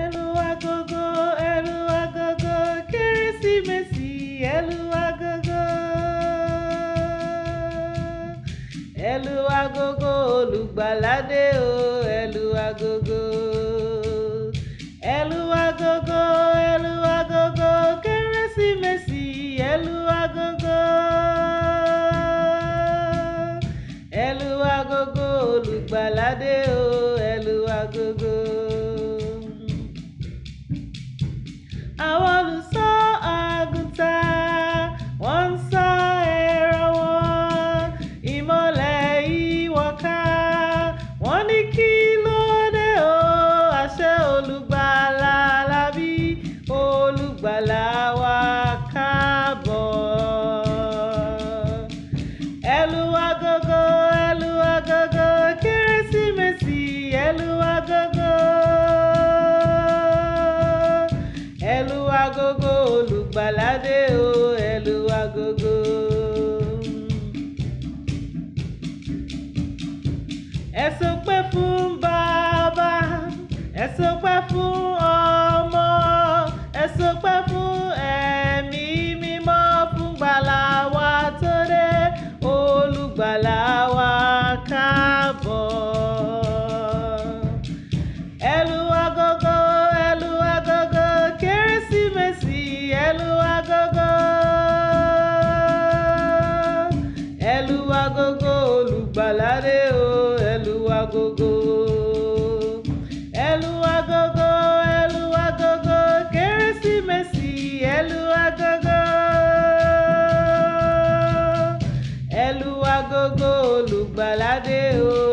ẹ̀lù agogo ẹ̀lù agogo kérésìmesì ẹ̀lù agogo ẹ̀lù agogo olùgbàládé o ẹ̀lù agogo ẹ̀lù agogo ẹ̀lù agogo kérésìmesì ẹ̀lù agogo ẹ̀lù agogo olùgbàládé o. agogo ẹ lù agogo olùgbàládé o ẹ agogo. ẹ sọ pé fún bá. ẹlú agogo ẹlú agogo olùgbàládé o ẹlú agogo. ẹlú agogo ẹlú agogo kérésìmesì ẹlú agogo ẹlú agogo olùgbàládé o.